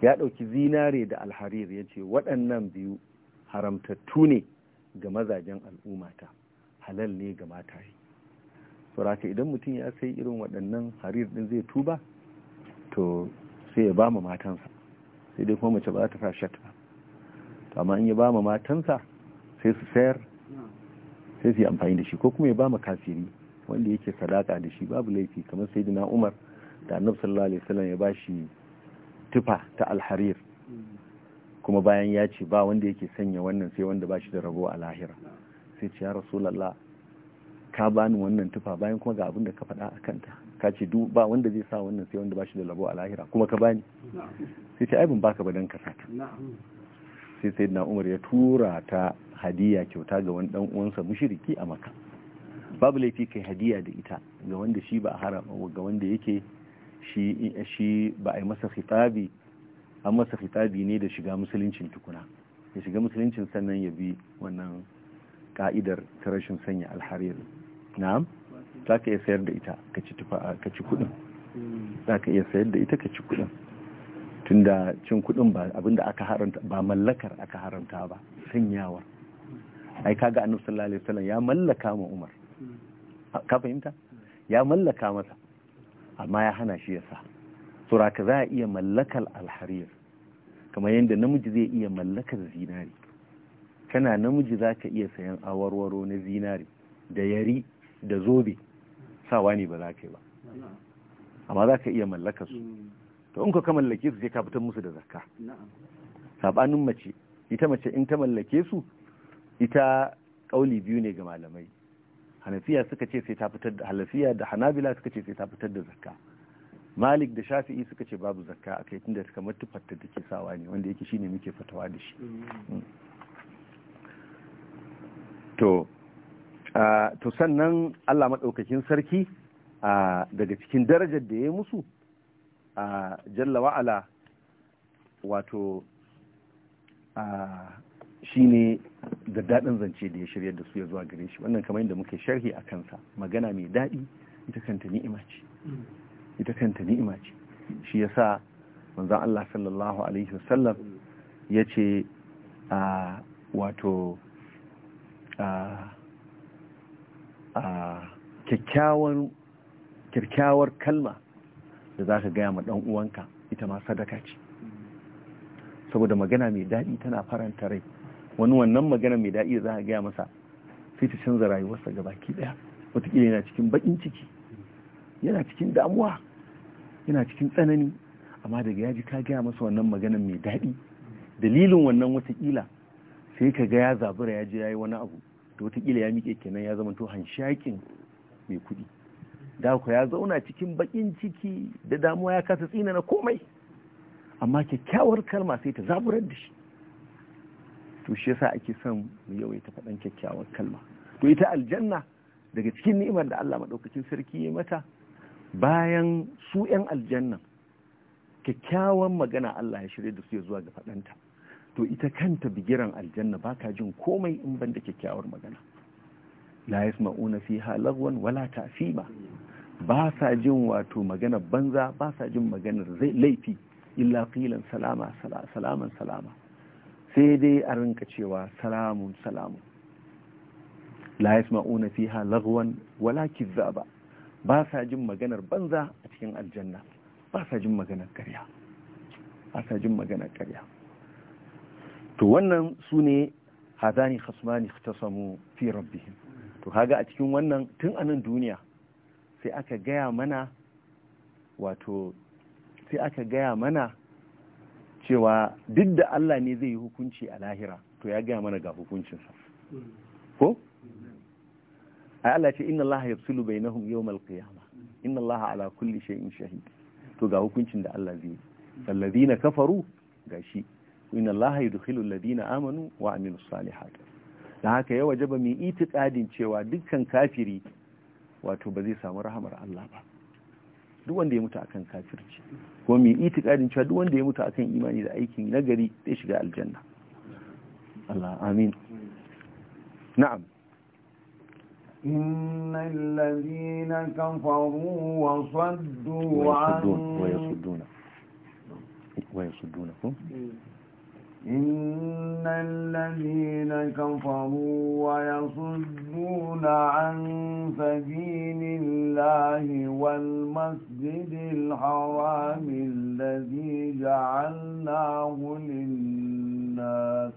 ya dauki zinare da alharir ya ce waɗannan biyu haramtattu ne ga mazajen al'umma ta halal ne ga mata mataye sauraka idan mutum ya sai irin waɗannan harir ɗin zai tuba to sai ya ba mu matansa sai dai kuma mace ba za ta fashe ta amma in ya ba ma matansa sai su sayar sai su yi amfani da shi ko kuma ya ba ma kafiri wanda yake sadaka da shi babu laifi kamar sai dina umar da annabi sallallahu alaihi wasallam ya ba shi tufa ta alharir kuma bayan ya ce ba wanda yake sanya wannan sai wanda ba shi da rabo a lahira sai ce ya rasulallah ka bani wannan tufa bayan kuma ga abin da ka faɗa a kanta ka ce ba wanda zai sa wannan sai wanda ba shi da rabo a lahira kuma ka bani sai ce ai ban baka ba dan ka sai na umar ya tura ta hadiya kyauta ga wani dan uwansa mushiriki a maka babu laifi kai hadiya da ita ga wanda shi ba haram ga wanda yake shi shi a yi masa khitabi an masa khitabi ne da shiga musuluncin tukuna ya shiga musuluncin sannan ya bi wannan ka'idar ta rashin sanya alharir na'am za ka iya sayar da ita ka ci kudin za ka iya sayar da ita ka ci kudin tunda cin kudin ba abinda aka haranta ba mallakar aka haramta ba sanyawar ai kaga annabi sallallahu alaihi wasallam ya mallaka ma Umar ka fahimta ya mallaka masa amma ya hana shi ya sa sura ka za a iya mallakar alharir kamar yadda namiji zai iya mallakar zinari kana namiji za ka iya sayan awarwaro na zinari da yari da zobe sawa ne ba za ka yi ba amma za ka iya mallakar su mm. to in ka mallake su sai ka fitar musu da zakka sabanin mace ita mace in ta mallake su ita ƙauli biyu ne ga malamai hanafiya suka ce sai ta fitar da halafiya da hanabila suka ce sai ta fitar da zakka malik da shafi'i suka ce babu zakka kai tunda kamar da ke sawa ne wanda yake shine muke fatawa da shi mm. to to sannan Allah maɗaukakin sarki daga cikin darajar da ya yi musu a jalla wa'ala wato shi ne da daɗin zance da ya shirya da su ya zuwa gare shi wannan kamar yadda muke sharhi a kansa magana mai daɗi ita kanta ni'ima ce mm. ita kanta ni'ima ce shi ya sa wanzan Allah sallallahu alaihi wasallam ya ce a wato a kyakkyawar kalma da za ka gaya ma ɗan uwanka ita ma sadaka ce saboda magana mai daɗi tana faranta rai wani wannan magana mai daɗi za ka gaya masa sai ta canza rayuwarsa ga baki ɗaya wataƙila yana cikin baƙin ciki yana cikin damuwa yana cikin tsanani amma daga ya ji ka gaya masa wannan magana mai daɗi dalilin wannan wataƙila sai ka gaya ya zabura ya ji ya yi wani abu da wataƙila ya miƙe kenan ya zama to hanshakin mai kuɗi da ya zauna cikin bakin ciki da damuwa ya kasa tsina na komai amma kyakkyawar kalma sai ta zaburar da shi to shi yasa ake son mu yawaita faɗan kyakkyawar kalma to ita aljanna daga cikin ni'imar da Allah maɗaukakin sarki ya mata bayan su 'yan aljannan kyakkyawan magana Allah ya shirya da su zuwa ga faɗanta to ita kanta bigiran aljanna baka jin komai in banda kyakkyawar magana la yasma'una fiha lagwan wala ta'fima ba sa jin wato maganar banza ba sa jin maganar laifi illa qilan salama salaman salama sai dai a rinka cewa salamun salamun la yasma'una fiha lagwan wala kizaba ba sa jin maganar banza a cikin aljanna ba sa jin maganar ƙarya ba sa jin maganar ƙarya to wannan su ne hadani khasmani ikhtasamu fi rabbihim to kaga a cikin wannan tun anan duniya sai aka gaya mana wato sai aka gaya mana cewa duk da Allah ne zai yi hukunci a lahira to ya gaya mana ga hukuncinsa ko ai Allah ce inna Allah yafsulu bainahum yawmal qiyamah inna Allah ala kulli shay'in shahid to ga hukuncin da Allah zai yi alladhina kafaru gashi inna Allah yudkhilu alladhina amanu wa amilus salihat da haka ya wajaba mu itiqadin cewa dukkan kafiri wato ba zai samu rahamar Allah ba duk wanda ya mutu akan kafirci kuma mai itikadin cewa duk wanda ya mutu akan imani da aikin nagari zai shiga aljanna Allah amin na'am إن الذين كفروا وصدوا عن ويصدونكم إن الذين كفروا ويصدون عن سبيل الله والمسجد الحرام الذي جعلناه للناس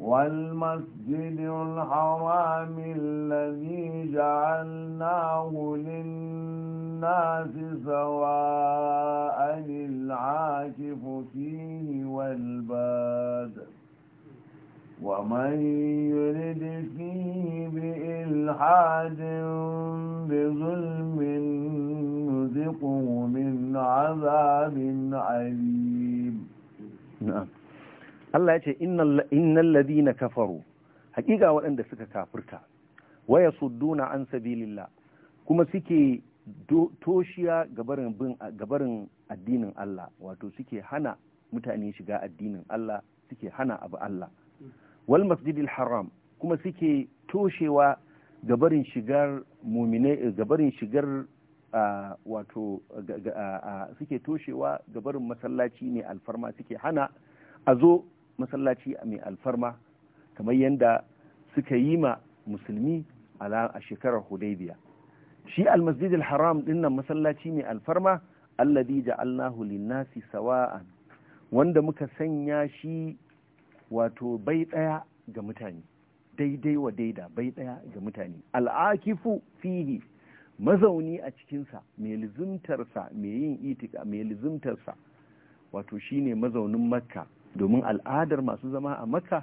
والمسجد الحرام الذي جعلناه للناس الناس سواء العاكف فيه والباد ومن يرد فيه بإلحاد بظلم نذقه من عذاب عليم Allah ya ce innal na kafaru hakika waɗanda suka kafirta waya sudduna an sabilillah kuma suke toshiya gabarin addinin Allah wato suke hana mutane shiga addinin Allah suke hana abu Allah wal masjidil haram kuma suke toshewa gabarin shigar mumine gabarin shigar wato suke toshewa gabarin masallaci ne alfarma suke hana a zo masallaci mai alfarma kamar yadda suka yi ma musulmi a shekarar hudaybiya shi almasjid haram dinnan masallaci ne alfarma alladhi ja'alnahu linnasi sawa'an wanda muka sanya shi wato bai daya ga mutane daidai wa daida bai daya ga mutane al'akifu fihi mazauni a cikinsa mai sa mai yin itika mai sa wato shine mazaunin makka domin al'adar masu zama a makka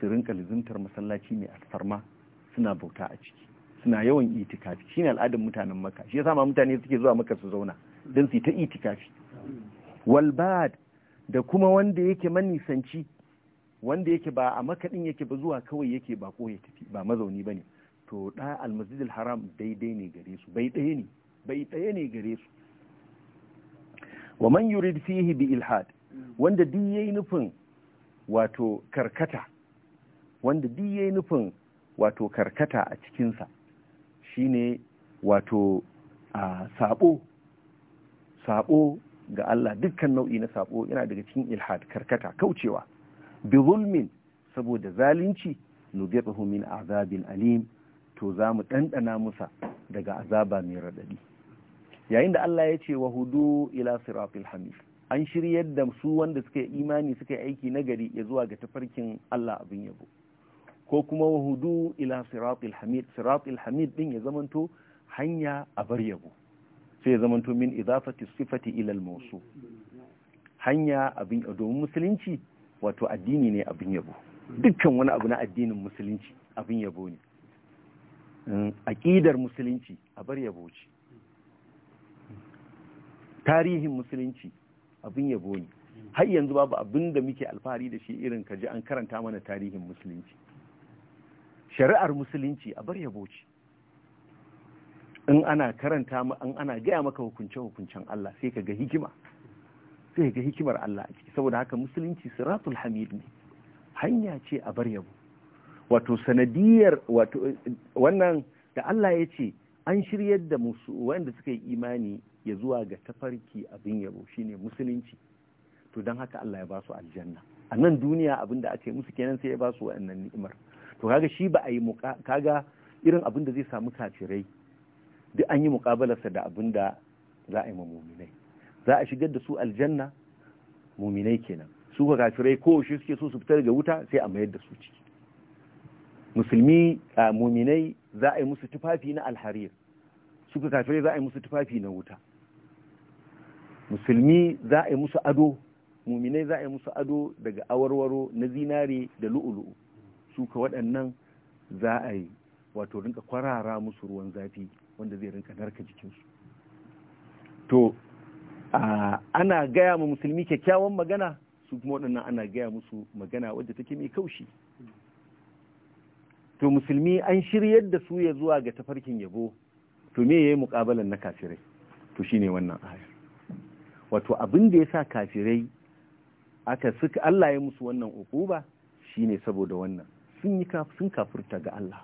su rinka lizumtar masallaci mai alfarma suna bauta a ciki suna yawan itikafi shine al'adar mutanen maka shi yasa ma mutane suke zuwa maka su zauna don su ta itikafi wal bad da kuma wanda yake manisanci wanda yake ba a makaɗin yake ba zuwa kawai yake ba ko ya tafi ba mazauni ba ne to ɗa almasjidil haram daidai ne gare su bai ɗaya ne bai ɗaya ne gare su wa man yurid fihi bi ilhad wanda duk yayi nufin wato karkata wanda duk yayi nufin wato karkata a cikinsa shine wato a sabo sabo ga Allah dukkan nau'i na sabo yana daga cikin ilhad karkata kaucewa bi zulmin saboda zalunci nuzibuhu min azabin alim to za mu ɗanɗana musa daga azaba mai raɗaɗi yayin da Allah ya ce wa hudu ila siratul hamid an shiryar da su wanda suka yi imani suka yi aiki nagari ya zuwa ga tafarkin Allah abin yabo ko kuma wahudu ila siratul hamid siratul hamid din ya zamanto hanya a bar yabo sai ya zamanto min idafati sifati ila al-mawsu hanya abin domin musulunci wato addini ne abin yabo dukkan wani abu na addinin musulunci abin yabo ne hmm, aqidar musulunci a bar yabo ce tarihin musulunci abin yabo ne har yanzu babu abin da muke alfahari da shi irin kaji an karanta mana tarihin musulunci shari'ar musulunci a bar yabo ce in ana karanta in ana gaya maka hukunce hukuncen Allah sai ka ga hikima sai ga hikimar Allah a ciki saboda haka musulunci siratul hamid ne hanya ce a bar yabo wato sanadiyar wato wannan da Allah ya ce an shiryar da musu wanda suka yi imani ya zuwa ga tafarki abin yabo shine musulunci to don haka Allah ya ba su aljanna a nan duniya abin da musu kenan sai ya ba su wa'annan ni'imar to kaga shi ba a yi kaga irin abin da zai samu kafirai duk an yi muƙabalarsa da abin da za a yi ma muminai za a shigar da su aljanna muminai kenan su ka kafirai ko shi suke so su fitar daga wuta sai a mayar da su ciki musulmi a muminai za a yi musu tufafi na alharir su ka kafirai za a yi musu tufafi na wuta musulmi za a yi musu ado muminai za a yi musu ado daga awarwaro na zinare da lu'ulu'u Suka waɗannan za a yi wato rinka kwarara musu ruwan zafi wanda zai rinka narka jikinsu to ana gaya ma musulmi kyakkyawan magana su kuma waɗannan ana gaya musu magana wadda take mai kaushi to musulmi an shiryar da su ya zuwa ga tafarkin yabo to me ya yi mukabalan na kafirai to shine wannan ayar wato abin da ya sa kafirai aka suka Allah ya musu wannan ukuba shine saboda wannan sun yi sun kafurta ga Allah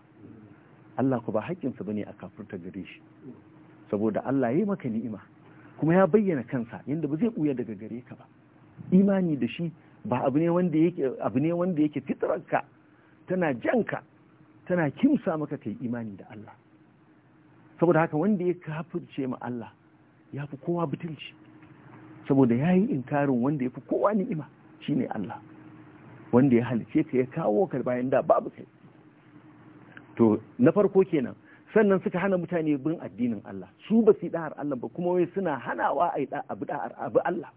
Allah ku ba haƙƙinsa bane a kafurta gare shi saboda Allah ya yi maka ni'ima kuma ya bayyana kansa yanda ba zai ɓuya daga gare ka ba imani da shi ba abu ne wanda yake abu ne wanda yake tana janka tana kimsa maka kai imani da Allah saboda haka wanda ya kafurce ma Allah ya fi kowa butulci saboda ya yi inkarin wanda ya fi kowa ni'ima shine Allah wanda ya halice ka ya kawo ka bayan da babu kai to na farko kenan sannan suka hana mutane bin addinin Allah su ba su da'ar Allah ba kuma wai suna hanawa a abu da'ar abu Allah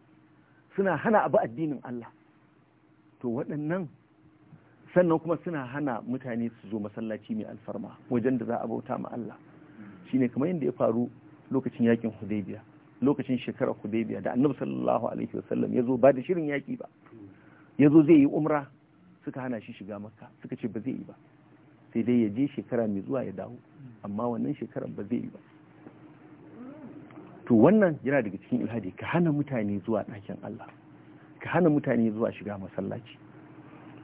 suna hana abu addinin Allah to waɗannan sannan kuma suna hana mutane su zo masallaci mai alfarma wajen da za a bauta ma Allah shine kamar yadda ya faru lokacin yakin Hudaybiya lokacin shekarar Hudaybiya da Annabi sallallahu alaihi wasallam ya zo ba da shirin yaki ba ya zo zai yi umra suka hana shi shiga makka suka ce ba zai yi ba sai dai ya je shekara mai zuwa ya dawo amma wannan shekarar ba zai yi ba to wannan yana daga cikin ilhadi ka hana mutane zuwa ɗakin Allah ka hana mutane zuwa shiga masallaci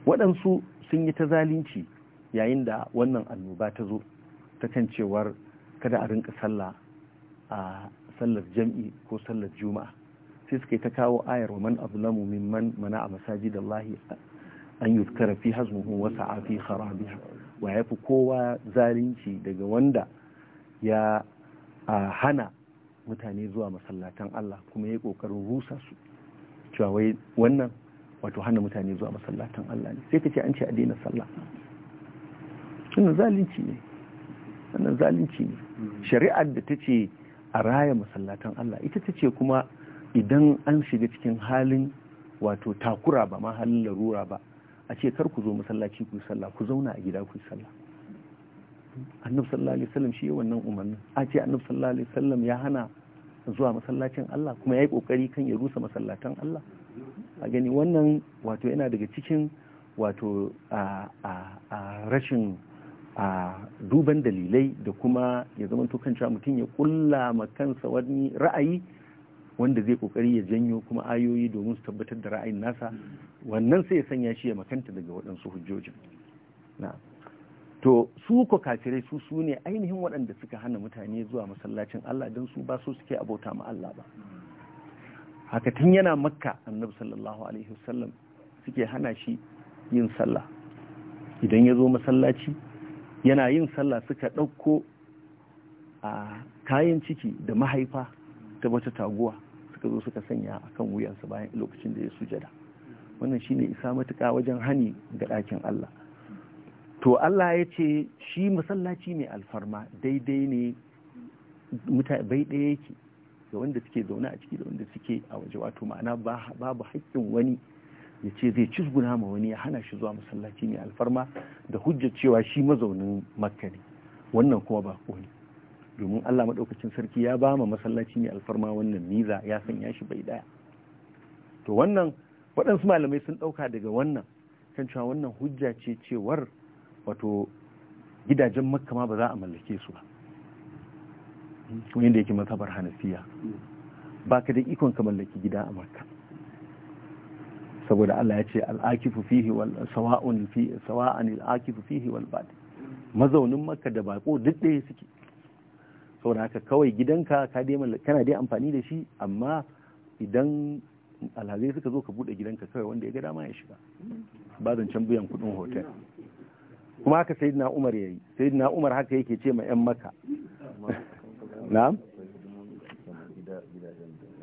waɗansu sun yi ta zalunci yayin da wannan annoba ta zo ta kan cewar kada a rinka sallah a sallar jam'i ko sallar juma'a sai suka ta kawo ayar wa man azlamu mimman mana a masajidallahi an yuzkara fi hazmuhu wa sa'a fi harabiya. wa yafi kowa zalunci daga wanda ya hana mutane zuwa masallatan Allah kuma ya kokarin rusa su cewa wai wannan wato hana mutane zuwa masallatan Allah ne sai ka ce an ce a daina sallah wannan zalunci ne wannan zalunci ne hmm. shari'ar da ta ce a raya masallatan Allah ita ta ce kuma idan an shiga cikin halin wato takura ba ma halin larura ba a ce kar ku zo masallaci ku sallah ku zauna a gida ku yi sallah annabi sallallahu alaihi wasallam shi wannan umarni a ce annabi sallallahu alaihi wasallam ya hana zuwa masallacin Allah kuma yayi kokari kan ya rusa masallatan Allah a gani wannan wato yana daga cikin wato a a rashin a duban dalilai da kuma ya zama to kan mutum ya kulla ma kansa wani ra'ayi wanda zai kokari ya janyo kuma ayoyi domin su tabbatar da ra'ayin nasa wannan sai ya sanya shi ya makanta daga waɗansu hujjojin to su ko kafirai su su ne ainihin waɗanda suka hana mutane zuwa masallacin Allah don su ba su suke abota ma Allah ba haka tun yana makka annabi sallallahu alaihi wasallam suke hana shi yin sallah idan ya zo masallaci yana yin sallah suka ɗauko a kayan ciki da mahaifa ta wata taguwa suka zo suka sanya a kan wuyansa bayan lokacin da ya sujada wannan shi ne isa matuka wajen hani ga ɗakin Allah to Allah ya ce shi masallaci mai alfarma daidai ne mutane bai ɗaya yake da wanda suke zaune a ciki da wanda suke a waje wato ma'ana babu haƙƙin wani ya ce zai cizguna ma wani ya hana shi zuwa masallaci mai alfarma da hujjar cewa shi mazaunin makka ne wannan kuma ba ne domin Allah maɗaukacin sarki ya ba ma masallaci mai alfarma wannan miza ya sanya shi bai daya to wannan waɗansu malamai sun ɗauka daga wannan kan cewa wannan hujja ce cewar wato gidajen makka ma ba za a mallake su ba Wani da yake mazhabar hanafiya ba ka da ikon ka mallaki gida a makka saboda Allah ya ce al'akifu fihi wal sawa'un fi sawa'an al'akifu fihi wal bad mazaunin makka da bako duk ɗaya suke saboda haka kawai gidanka kana dai amfani da shi amma idan alhazai suka zo ka bude gidanka kawai wanda ya ga dama ya shiga ba can biyan kudin hotel kuma haka na Umar yayi na Umar haka yake ce ma yan maka na'am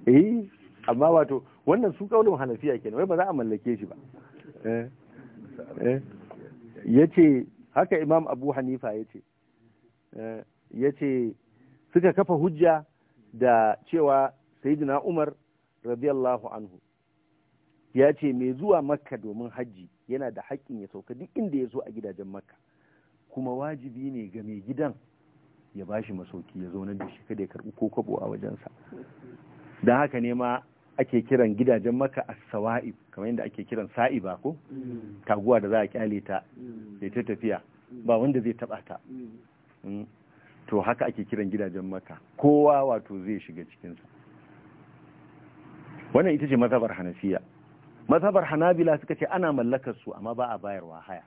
eh amma wato wannan su kaulin hanafiya kenan wai ba za a mallake shi ba eh, eh. yace haka Imam Abu Hanifa yace eh, yace suka kafa hujja da cewa sayyidina umar radiyallahu anhu ya ce mai zuwa makka domin hajji yana da haƙƙin ya sauka duk inda ya zo a gidajen makka kuma wajibi ne ga mai gidan ya ba shi masauki ya zauna da shi kada ya karɓi ko kwabo a wajensa don haka ne ma ake kiran gidajen Makka a sawa'i, kamar yadda ake kiran sa'iba ko mm. taguwa da za a kyale ta da mm. ta tafiya ba wanda zai taɓa ta mm. to haka ake kiran gidajen maka kowa wato zai shiga cikinsa wannan ita ce mazhabar hanafiya mazhabar hanabila suka ce ana mallakar su amma ba a bayarwa haya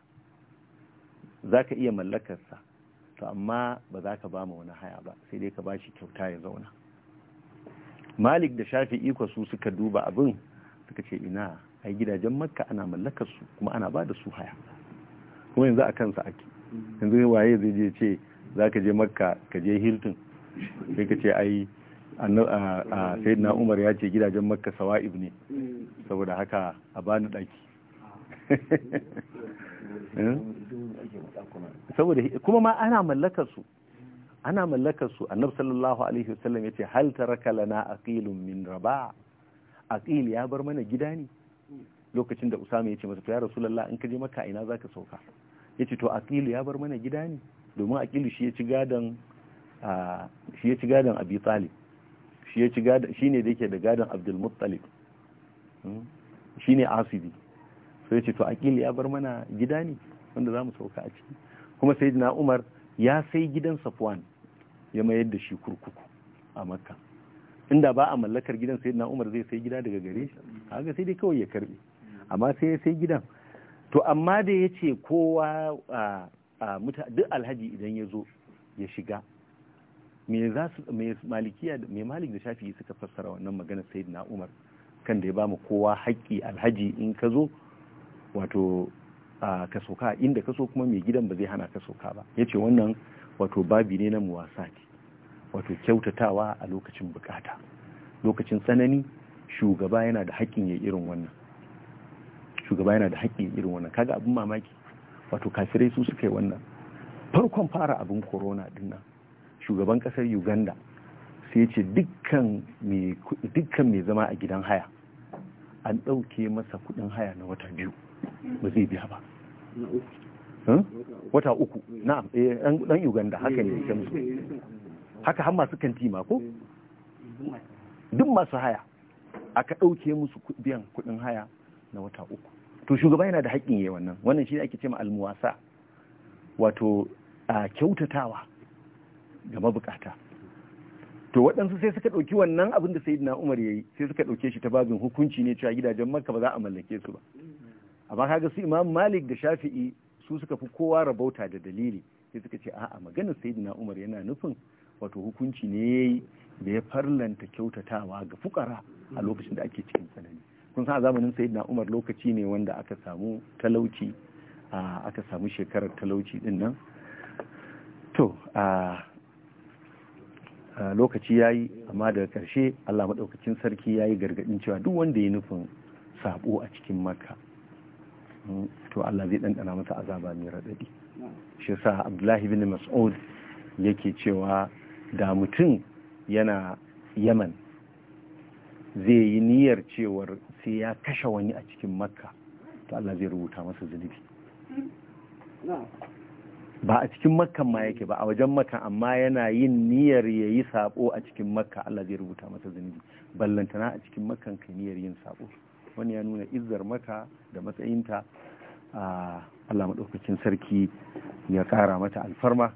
zaka ka iya mallakarsa to amma ba za ka bama wani haya ba sai dai ka ba shi kyauta ya zauna malik da shafi iko su suka duba abin suka ce ina ai gidajen makka ana mallakar su kuma ana ba da su haya kuma yanzu a kansa ake yanzu waye zai je ce za ka je makka ka je hilton sai ka ce ai sai na umar ya ce gidajen makka sawa'ib ne saboda haka a bani daki <laughs> saboda kuma ma ana mallakar su ana mallakar su annabi sallallahu alaihi wasallam yace hal taraka lana aqilun min raba aqil ya bar mana gida ne lokacin da usama yace masa ya rasulullah in ka je makka ina zaka sauka yace to aqil ya bar mana gida ne domin aqilu shi ya ci gadon shi ya ci abi talib shi ne da yake da gadon abdul muttalib hmm? ne asibi sai ya ce to aqil ya bar mana gida ne wanda za mu sauka a ciki kuma na umar ya sai gidan safwan ya mayar da shi kurkuku a makka inda ba a mallakar gidan na umar zai sai gida daga gare shi haka sai dai kawai ya karbe amma sai ya sai gidan to amma da ya ce kowa duk alhaji idan ya zo ya shiga me za su malik da shafi'i suka fassara wannan magana na umar kan da ya ba mu kowa haƙƙi alhaji in ka zo wato ka soka inda ka so kuma mai gidan ba zai hana ka soka ba ce wannan wato babi ne na muwasati wato kyautatawa a lokacin bukata lokacin tsanani shugaba yana da haƙƙin ya irin wannan shugaba yana da haƙƙin irin wannan kaga abin mamaki wato kafirai su suka yi wannan farkon fara abin corona dinnan shugaban kasar uganda sai ce dukkan mai zama a gidan haya an ɗauke masa kudin haya na wata biyu ba zai biya ba wata uku na'am dan eh, uganda haka ne ya haka har masu kanti ma ko duk masu haya aka ɗauke musu biyan kudin haya na wata uku to shugaba yana da haƙƙin yayi wannan wannan shi ake cewa almuwasa wato a kyautatawa ga mabukata to waɗansu sai suka ɗauki wannan abin da na Umar ya yi, sai suka ɗauke shi ta babin hukunci ne cewa gidajen Makka ba za a mallake su ba amma kaga su Imam Malik da Shafi'i su suka fi kowa rabauta da dalili sai suka ce a'a maganar sayyidina Umar yana nufin wato hukunci ne da ya farlanta kyautatawa ga fukara a lokacin da ake cikin tsanani kun san a zamanin sayyidina umar lokaci ne wanda aka samu talauci aka samu shekarar talauci din nan to a lokaci ya yi amma daga karshe allah maɗaukacin sarki ya yi gargaɗin cewa duk wanda ya nufin sabo a cikin maka hmm, to allah zai ɗanɗana masa azaba mai raɗaɗi shi sa abdullahi bin mas'ud yake cewa da mutum yana yaman zai yi niyyar cewar sai ya kashe wani a cikin makka to Allah zai rubuta masa zunubi ba a cikin makkan ma yake ba a wajen makka amma yana yin niyyar ya yi sabo a cikin makka Allah zai rubuta masa zunubi ballantana a cikin makkan ka niyyar yin sabo wani ya nuna izzar makka da matsayinta a Allah maɗaukakin sarki ya ƙara mata alfarma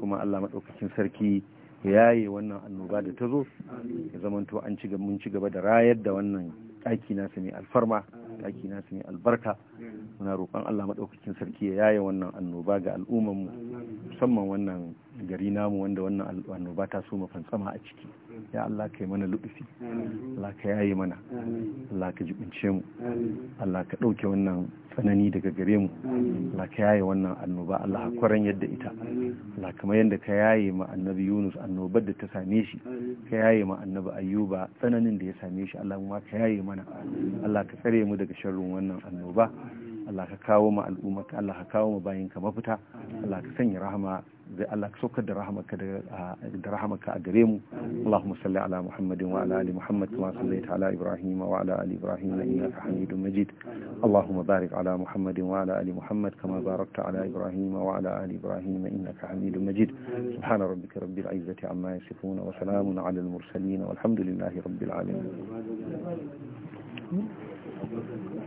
kuma Allah maɗaukakin sarki ya yaye wannan annoba da ta zo ya zamanto an ci mun ci gaba da rayar da wannan ɗaki nasa mai alfarma ɗaki nasa mai albarka muna roƙon Allah maɗaukakin sarki ya yaye wannan annoba ga al'umman mu musamman wannan gari namu wanda wannan annoba ta so mafantsama a ciki ya Allah ka yi mana lubufi Allah ka yayi mana Allah ka jibince mu Allah ka ɗauke wannan tsanani daga gare mu Allah ka yayi wannan annoba Allah ka kwaran yadda ita Allah kamar yadda ka yayi ma annabi Yunus annobar da ta same shi ka yayi ma annabi Ayyuba tsananin da ya same shi Allah ma ka yayi mana Allah ka tsare mu daga sharrin wannan annoba Allah ka kawo ma al'umma Allah ka kawo ma ka mafita Allah ka sanya rahama da Allah ka saukar da rahamarka da rahamarka a gare mu Allahumma salli ala Muhammadin wa ala ali Muhammad kama sallaita ala Ibrahim wa ala ali Ibrahim innaka Hamidum Majid Allahumma barik ala Muhammadin wa ala ali Muhammad kama barakta ala Ibrahim wa ala ali Ibrahim innaka Hamidum Majid subhana rabbika rabbil izzati amma yasifun wa salamun ala al mursalin walhamdulillahi rabbil alamin